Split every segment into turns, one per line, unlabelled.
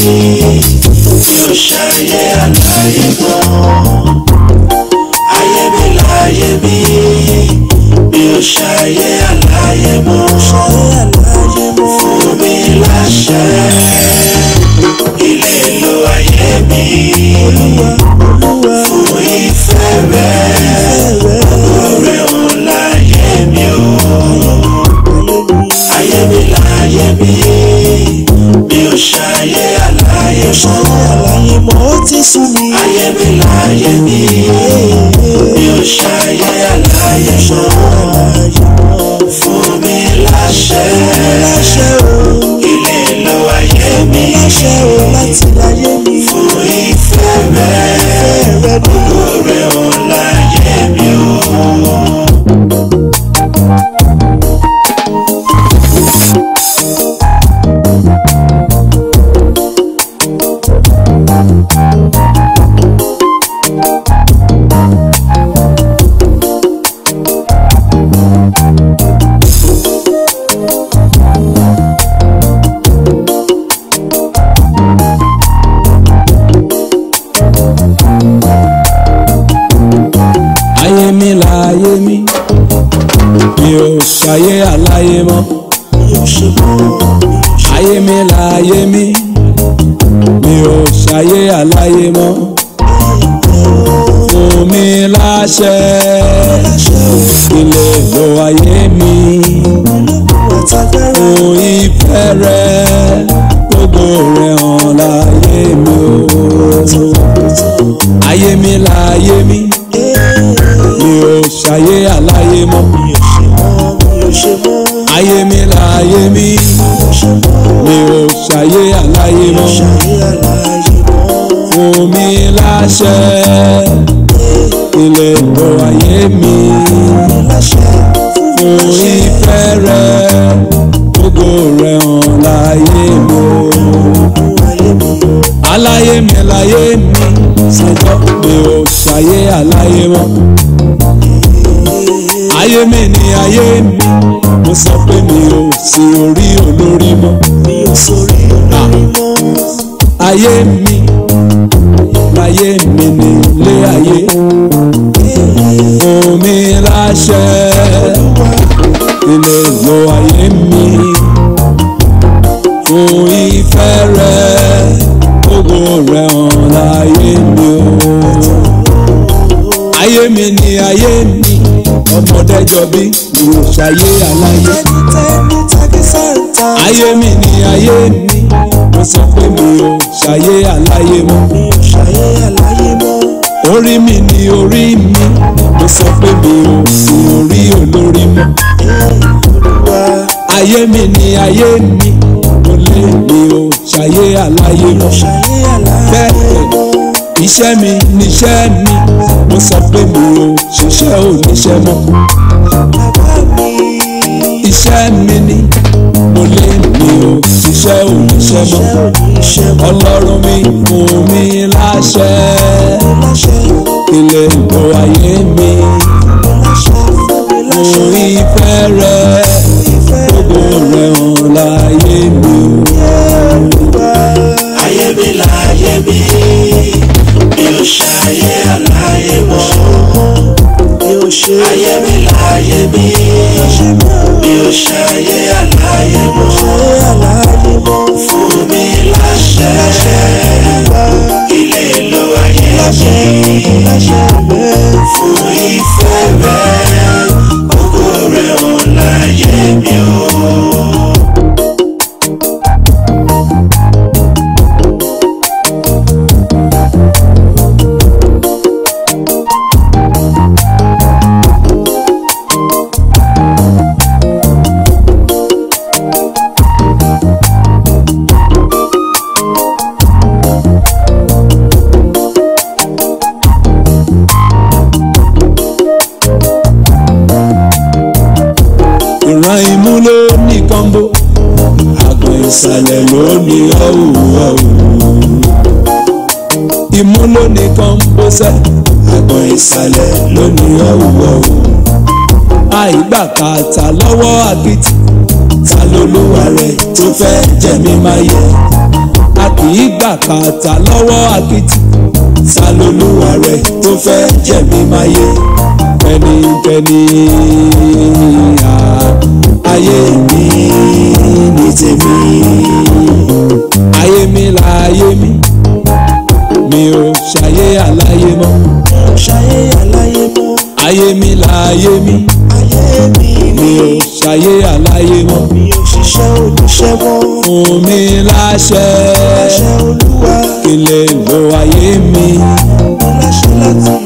tí ó ṣayé I am ayé mi láyé mi bí ó ṣayé aláyé mọ́. ti sùn mí. ayé mi láyé mi mi ò ṣayé aláyé ṣan fún mi láṣẹ ilé lo ayé mi.
mi láàyè mi mi ò ṣàyè àláyé mọ́ fún mi láṣẹ ilé ló wáyé láyé o. aláyé mi láyé mi ṣàjọ mi, o ṣàyé aláyé mọ́. ayé mi ni ayé mi mo sọ pé mi ò sí orí olórí mọ́. mi ò sórí olórí mọ́. ayé mi. ayé alayé, ayé mi ni ayé mi mo sọ pé mi ò ṣàyé alayé mọ́. mi ò ṣàyé aláyé orí mi ni orí mi mo sọ pé mi ò sí orí olórí mọ́. ayé mi ni ayé mi mo lé mi ò ṣàyé aláyé mọ́. bẹ́ẹ̀ iṣẹ́ mi níṣẹ́ mi mo sọ pé mi ò ṣiṣẹ́ oníṣẹ́ mọ́. bàbá mi iṣẹ́ mi ni mo lè mi ò ṣiṣẹ́ òun ṣe mọ́ ọlọ́run mi mú mi láṣẹ ilé ìbò ayé mi mo ìfẹ́ rẹ gbogbo rẹ hàn láyé mi.
ayé mi láyé mi mi ò ṣe ayé aláyé mọ́ mi ò ṣe ayé. yeah
imú lónìí kan bó sẹ́ àgbọ̀n ìsàlẹ̀ lónìí ọ̀wọ̀ o. àìgbà kàtà lọ́wọ́ àkìtì ta lolúwa rẹ̀ tó fẹ́ jẹ̀mí máa yẹ. a kì í gbà kàtà lọ́wọ́ àkìtì ta lolúwa rẹ̀ tó fẹ́ jẹ̀mí máa yẹ. pẹ́nipẹ́ni. ayé mi láyé mi mi ò ṣàyé àláyé mọ́ mi ò ṣiṣẹ́ olùṣẹ́ mọ́ fún mi láṣẹ kí lè lo ayé mi mo láṣẹ láti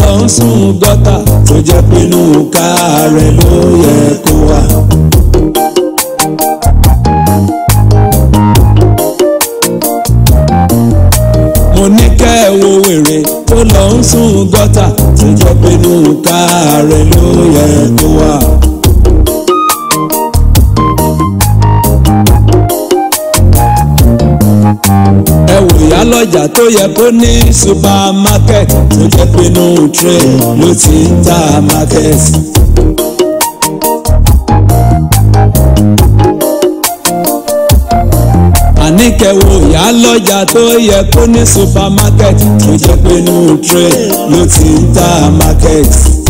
lọ ń sùn gọ́tà tó jẹ́ pinnu ká rẹ̀ ló yẹ kó wà. mo ní kẹ́ ẹ wo wèrè tó lọ sùn gọ́tà tó jẹ́ pinnu ká rẹ̀ ló yẹ kó wà. lọ́jà tó yẹ kó ní supermarket tó jẹ́ pé inú tray ló ti ń ta market. àníkẹ́wò ìyá tó yẹ kó ní supermarket tó jẹ́ pé inú tray ló ti ń ta market.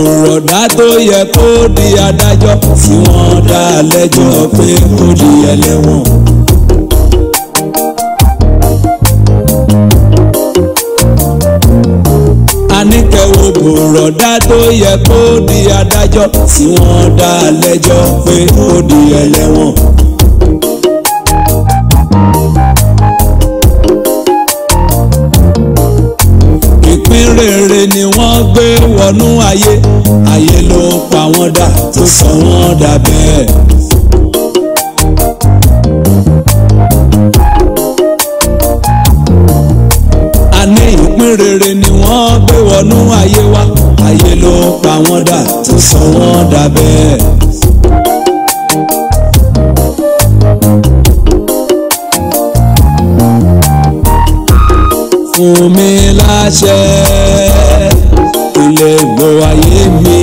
rọ̀dá tó yẹ kó di adájọ́ tí wọ́n dá lẹ́jọ́ pé kó di ẹlẹ́wọ̀n. àníkẹ́wò kò rọ̀dá tó yẹ kó di adájọ́ tí wọ́n dá lẹ́jọ́ pé kó di ẹlẹ́wọ̀n. ìpín ni wọ́n gbé wọnú ayé ayé ló pa wọ́n dà tó sọ wọ́n dà bẹ́ẹ̀. àní ìpín rere ni wọ́n gbé wọnú ayé wa ayé ló pa wọ́n dà tó sọ wọ́n dà bẹ́ẹ̀. fún mi láṣẹ. ayé mi.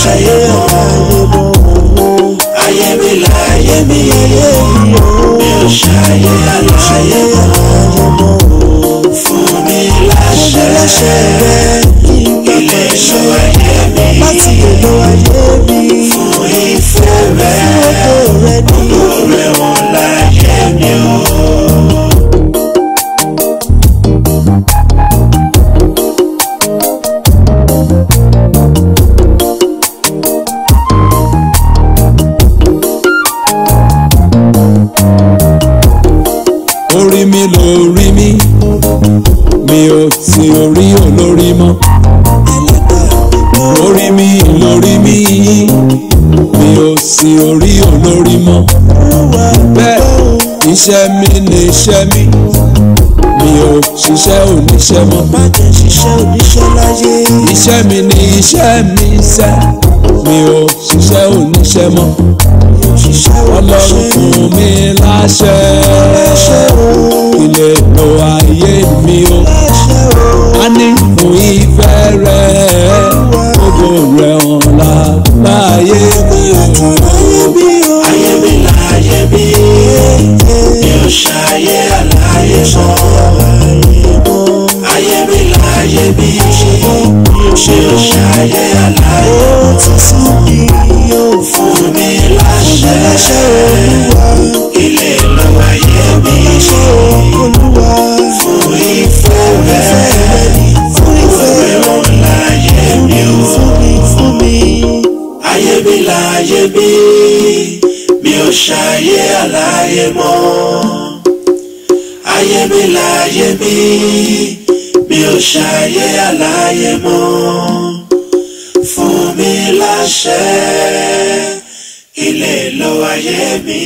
ṣayé oh, ayé bọ̀ wọ́n. ayé mi là ayé mi yẹyẹ yìí mi ò ṣayé aláyé ayé bọ̀ wọ́n. fún mi láṣẹ láṣẹ rẹ ilé ìṣó ayé mi. láti èlò ayé mi. fún ìfẹ́ rẹ.
mi lórí mi mi ò sí orí olórí mọ́ bẹ́ẹ̀ iṣẹ́ mi ni iṣẹ́ mi mi ò ṣiṣẹ́ oníṣẹ́ mọ́ má jẹ́ ṣiṣẹ́ oníṣẹ́ láyé iṣẹ́ mi ni iṣẹ́ mi ṣẹ́ mi ò ṣiṣẹ́ oníṣẹ́ mọ́ ọlọ́run fún mi láṣẹ.
aláyé aláyé mo tún fún mi yóò fún mi láṣẹ ilé lọ́wọ́ ayé mi ṣe olúwa fún ìfẹ́ rẹ̀ fún ìfẹ́ rẹ̀ láyé mi ò fún mi fún mi ayé mi láyé mi mi ò ṣàyé aláyé mọ́ ayé mi láyé mi mi ò ṣàyé aláyé mọ́ àṣẹ ilé lo ayé mi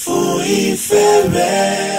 fún ìfẹ́ rẹ̀.